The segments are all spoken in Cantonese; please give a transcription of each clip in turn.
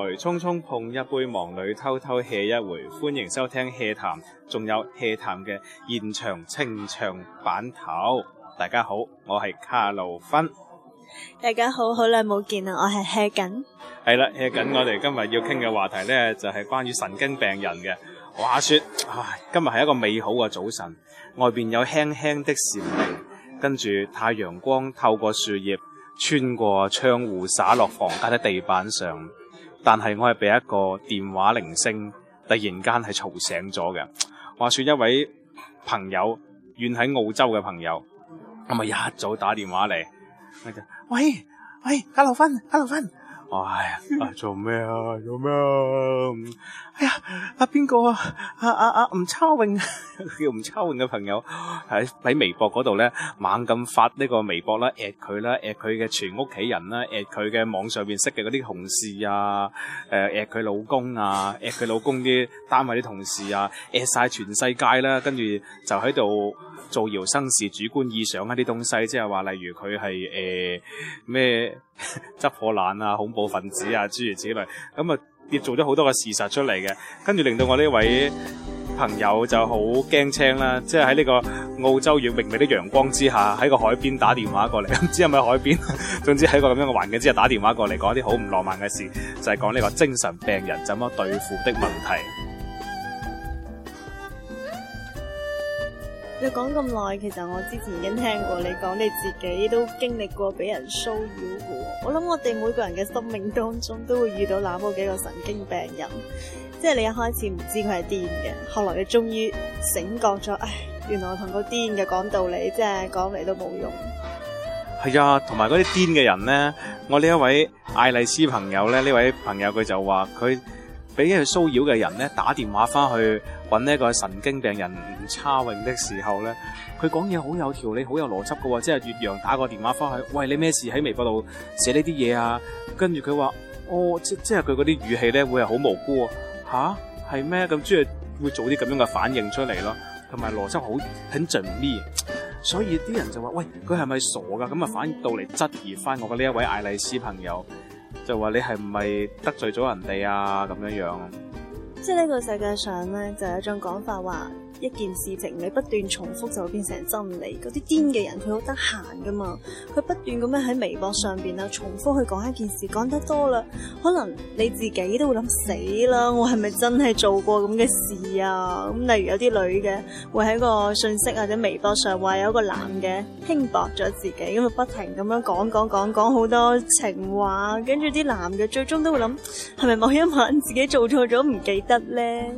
來匆匆碰一杯忙，忙裏偷偷歇一回。歡迎收聽 hea 談，仲有 hea 談嘅現場清唱版頭。大家好，我係卡路芬。大家好，好耐冇見啦，我係 hea 緊係啦 hea 緊。緊我哋今日要傾嘅話題呢，就係、是、關於神經病人嘅。話說唉，今日係一個美好嘅早晨，外邊有輕輕的蟬鳴，跟住太陽光透過樹葉穿過窗戶，灑落房間的地板上。但係我係俾一個電話鈴聲突然間係嘈醒咗嘅，話說一位朋友遠喺澳洲嘅朋友，咁啊一早打電話嚟，我就喂喂阿劉芬，阿劉芬。唉，呀！做咩啊？做咩啊？哎呀！阿邊個啊？阿阿阿吳秋穎，叫吳秋穎嘅朋友喺喺微博嗰度咧，猛咁發呢個微博啦，at 佢啦，at 佢嘅全屋企人啦，at 佢嘅網上邊識嘅嗰啲同事啊，誒，at 佢老公啊，at 佢老公啲單位啲同事啊，at 晒全世界啦，跟住就喺度。造謠生事、主觀臆想一啲東西，即係話例如佢係誒咩執破爛啊、恐怖分子啊諸如此類，咁啊，捏做咗好多個事實出嚟嘅，跟住令到我呢位朋友就好驚青啦，即係喺呢個澳洲月明媚的陽光之下，喺個海邊打電話過嚟，唔知係咪海邊，總之喺個咁樣嘅環境之下打電話過嚟，講一啲好唔浪漫嘅事，就係、是、講呢個精神病人怎麼對付的問題。你講咁耐，其實我之前已經聽過你講你自己都經歷過俾人騷擾嘅。我諗我哋每個人嘅生命當中都會遇到那麼幾個神經病人，即係你一開始唔知佢係癲嘅，後來你終於醒覺咗，唉，原來同個癲嘅講道理，即係講嚟都冇用。係啊，同埋嗰啲癲嘅人咧，我呢一位艾麗斯朋友咧，呢位朋友佢就話佢俾佢騷擾嘅人咧打電話翻去。揾呢個神經病人唔差泳的時候咧，佢講嘢好有條理、好有邏輯嘅喎，即係越洋打個電話翻去，喂，你咩事？喺微博度寫呢啲嘢啊？跟住佢話，哦，即係佢嗰啲語氣咧會係好無辜啊，吓係咩咁，即、嗯、係會做啲咁樣嘅反應出嚟咯，同埋邏輯好很縝密，所以啲人就話喂，佢係咪傻噶？咁啊反而到嚟質疑翻我嘅呢一位艾麗斯朋友，就話你係唔係得罪咗人哋啊？咁樣樣。即係呢個世界上咧，就有種講法話。一件事情你不斷重複就會變成真理。嗰啲癲嘅人佢好得閒噶嘛，佢不斷咁樣喺微博上邊啊重複去講一件事，講得多啦，可能你自己都會諗死啦。我係咪真係做過咁嘅事啊？咁例如有啲女嘅會喺個信息或者微博上話有個男嘅輕薄咗自己，咁佢不停咁樣講講講講好多情話，跟住啲男嘅最終都會諗係咪某一晚自己做錯咗唔記得咧？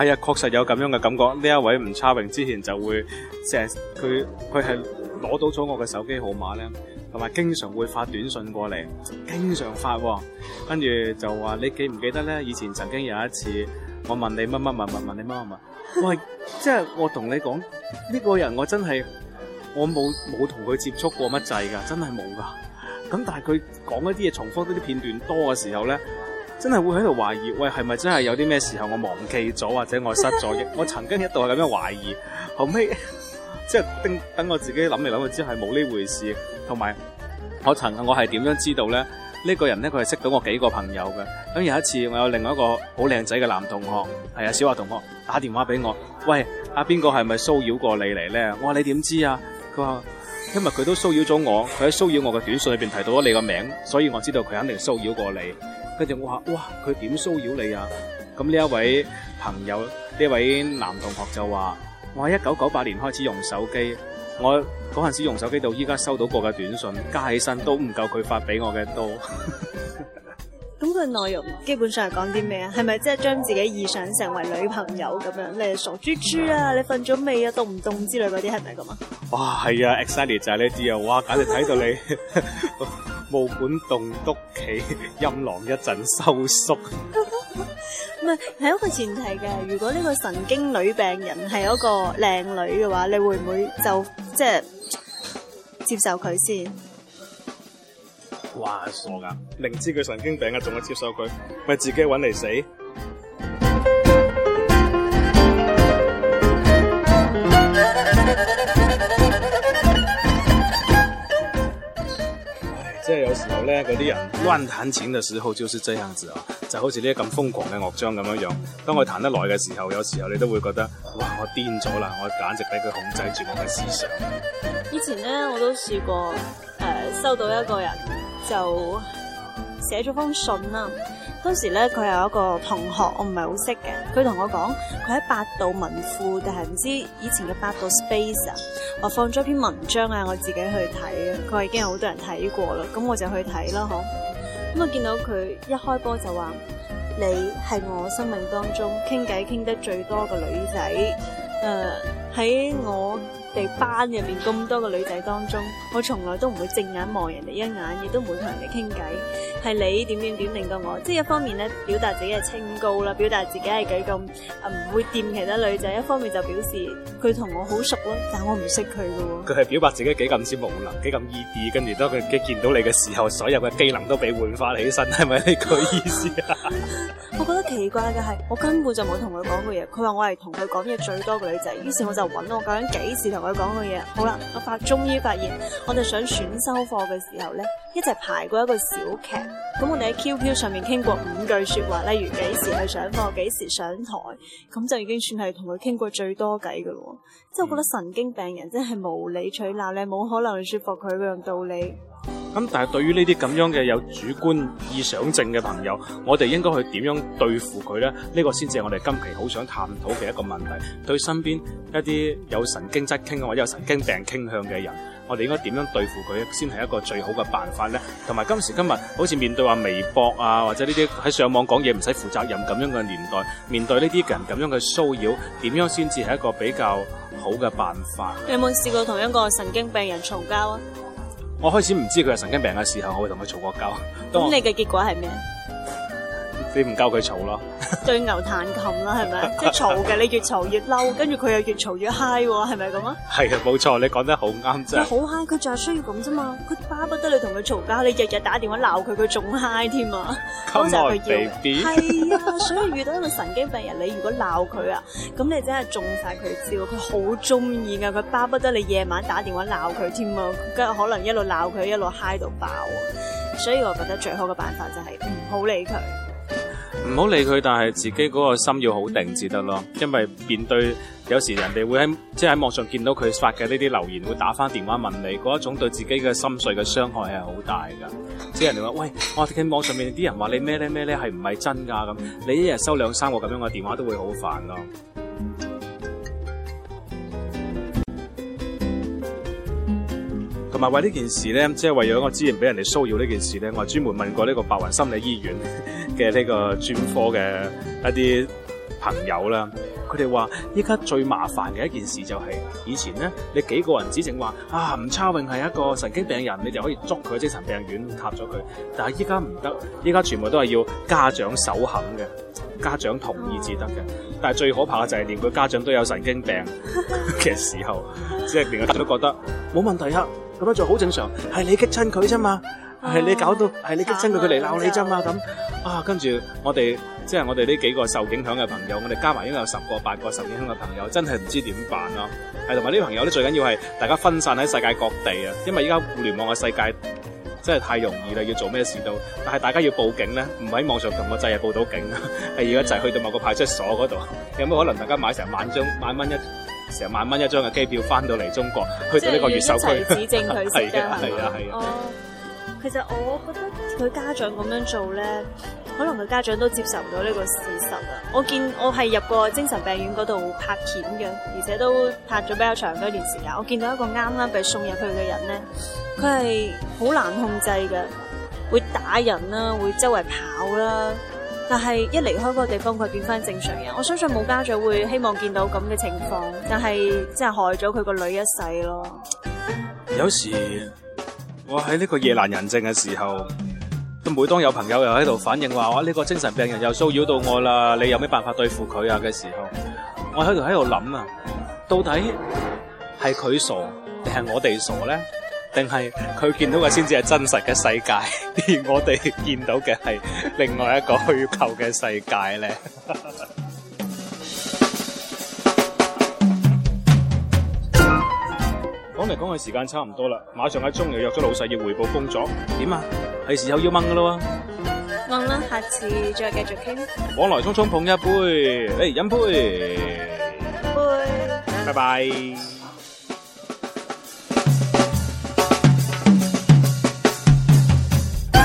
係啊，確實有咁樣嘅感覺。呢一位吳差榮之前就會成日佢佢係攞到咗我嘅手機號碼咧，同埋經常會發短信過嚟，經常發、哦，跟住就話你記唔記得咧？以前曾經有一次，我問你乜乜問乜問你乜乜。喂， 即係我同你講呢、這個人我真，我真係我冇冇同佢接觸過乜滯噶，真係冇噶。咁但係佢講一啲嘢，重複啲片段多嘅時候咧。真係會喺度懷疑，喂，係咪真係有啲咩時候我忘記咗或者我失咗憶？我曾經一度係咁樣懷疑，後尾，即 係、就係、等我自己諗嚟諗去之後係冇呢回事。同埋我曾我係點樣知道咧？呢、呢個人咧佢係識到我幾個朋友嘅。咁有一次我有另外一個好靚仔嘅男同學，係啊小華同學打電話俾我，喂，阿、啊、邊個係咪騷擾過你嚟咧？我話你點知啊？佢話今日佢都騷擾咗我，佢喺騷擾我嘅短信裏邊提到咗你個名，所以我知道佢肯定騷擾過你。跟住我話，哇，佢點騷擾你啊？咁呢一位朋友，呢位男同學就話：，我喺一九九八年開始用手機，我嗰陣時用手機到依家收到過嘅短信加起身都唔夠佢發俾我嘅多。咁佢內容基本上係講啲咩啊？係咪即係將自己意想成為女朋友咁樣？你傻豬豬啊！你瞓咗未啊？凍唔凍之類嗰啲係咪咁啊？哇，係啊，Excited 就係呢啲啊！哇，簡直睇到你。冇管棟篤企，陰囊一陣收縮。唔係，係一個前提嘅。如果呢個神經女病人係一個靚女嘅話，你會唔會就即係接受佢先？哇！傻㗎，明知佢神經病啊，仲係接受佢，咪自己揾嚟死？即係有時候咧，嗰啲人亂彈琴嘅時候就是這樣子啊，就是、好似呢啲咁瘋狂嘅樂章咁樣樣。當佢彈得耐嘅時候，有時候你都會覺得，哇！我癲咗啦，我簡直俾佢控制住我嘅思想。以前咧，我都試過誒、呃，收到一個人就寫咗封信啦、啊。當時咧，佢有一個同學，我唔係好識嘅。佢同我講，佢喺百度文庫，但係唔知以前嘅百度 space 啊。我放咗篇文章啊，我自己去睇啊。佢話已經有好多人睇過啦，咁我就去睇啦、啊，嗬、啊。咁、嗯、我見到佢一開波就話：你係我生命當中傾偈傾得最多嘅女仔。誒、呃，喺我哋班入面咁多個女仔當中，我從來都唔會正眼望人哋一眼，亦都唔會同人哋傾偈。係你點點點令到我，即係一方面咧表達自己嘅清高啦，表達自己係幾咁唔會掂其他女仔；一方面就表示佢同我好熟啦，但我唔識佢嘅。佢係表白自己幾咁之無能，幾咁 easy，跟住當佢嘅見到你嘅時候，所有嘅機能都俾煥發起身，係咪佢意思啊？ 我覺得奇怪嘅係，我根本就冇同佢講過嘢。佢話我係同佢講嘢最多嘅女仔，於是我就揾我究竟幾時同佢講過嘢。好啦，我發終於發現，我哋上選修課嘅時候咧，一齊排過一個小劇。咁我哋喺 QQ 上面傾過五句說話，例如幾時去上課，幾時上台，咁就已經算係同佢傾過最多偈噶咯。即係我覺得神經病人真係無理取鬧咧，冇可能去說服佢嗰樣道理。咁、嗯、但係對於呢啲咁樣嘅有主觀臆想症嘅朋友，我哋應該去點樣對付佢呢？呢、這個先至係我哋今期好想探討嘅一個問題。對身邊一啲有神經質傾向或者有神經病傾向嘅人，我哋應該點樣對付佢先係一個最好嘅辦法咧？同埋今時今日，好似面對話微博啊，或者呢啲喺上網講嘢唔使負責任咁樣嘅年代，面對呢啲人咁樣嘅騷擾，點樣先至係一個比較好嘅辦法？你有冇試過同一個神經病人嘈交啊？我開始唔知佢係神經病嘅時候，我會同佢嘈過交。咁你嘅結果係咩？你唔教佢嘈咯， 對牛彈琴啦，係咪？即係嘈嘅，你越嘈越嬲，跟住佢又越嘈越嗨喎，係咪咁啊？係啊， 冇錯，你講得好啱啫。好嗨，佢就係需要咁啫嘛。佢巴不得你同佢嘈交，你日日打電話鬧佢，佢仲嗨添啊！晒佢 Come。 係啊寶，所以遇到一個神經病人，你如果鬧佢啊，咁你真係中晒佢招，佢好中意噶，佢巴不得你夜晚打電話鬧佢添啊，跟住可能一路鬧佢一路嗨到爆啊。所以我覺得最好嘅辦法就係唔好理佢。唔好理佢，但係自己嗰個心要好定至得咯。因為面對有時人哋會喺即係喺網上見到佢發嘅呢啲留言，會打翻電話問你，嗰一種對自己嘅心碎嘅傷害係好大噶。即係人哋話喂，我哋喺網上面啲人話你咩咧咩咧，係唔係真噶咁？你一日收兩三個咁樣嘅電話都會好煩咯。同埋為呢件事呢，即係為咗我之前俾人哋騷擾呢件事呢，我專門問過呢個白雲心理醫院。嘅呢個專科嘅一啲朋友啦，佢哋話：依家最麻煩嘅一件事就係，以前咧你幾個人指證話啊吳超榮係一個神經病人，你就可以捉佢精神病院撻咗佢。但係依家唔得，依家全部都係要家長首肯嘅，家長同意至得嘅。但係最可怕嘅就係連佢家長都有神經病嘅時候，即係 連佢都覺得冇問題啊，咁樣就好正常，係你激親佢啫嘛。係、啊、你搞到，係你激親佢嚟鬧你啫嘛咁，啊，啊，跟住我哋即係我哋呢幾個受影響嘅朋友，我哋加埋應該有十個、八個受影響嘅朋友，真係唔知點辦咯、啊。係同埋呢朋友咧，最緊要係大家分散喺世界各地啊，因為依家互聯網嘅世界真係太容易啦，要做咩事都。但係大家要報警咧，唔喺網上同個制係報到警，啊。係、嗯、要一齊去到某個派出所嗰度。 有冇可能大家買成萬張、萬蚊一成萬蚊一張嘅機票翻到嚟中國，去到呢個越秀區？係啊係啊係。其實我覺得佢家長咁樣做咧，可能佢家長都接受唔到呢個事實啊！我見我係入過精神病院嗰度拍片嘅，而且都拍咗比較長嗰一段時間。我見到一個啱啱被送入去嘅人咧，佢係好難控制嘅，會打人啦，會周圍跑啦。但係一離開嗰個地方，佢變翻正常人。我相信冇家長會希望見到咁嘅情況，但係真係害咗佢個女一世咯。有時。我喺呢個夜闌人靜嘅時候，都每當有朋友又喺度反映話，我呢個精神病人又騷擾到我啦，你有咩辦法對付佢啊，嘅時候，我喺度喺度諗啊，到底係佢傻定係我哋傻咧？定係佢見到嘅先至係真實嘅世界，而我哋見到嘅係另外一個虛構嘅世界咧？講嚟講去時間差唔多啦，馬上一鐘又約咗老細要匯報工作，點啊？係時候要掹噶咯，掹啦！下次再繼續傾，往來匆匆碰一杯，嚟飲杯，杯，拜拜。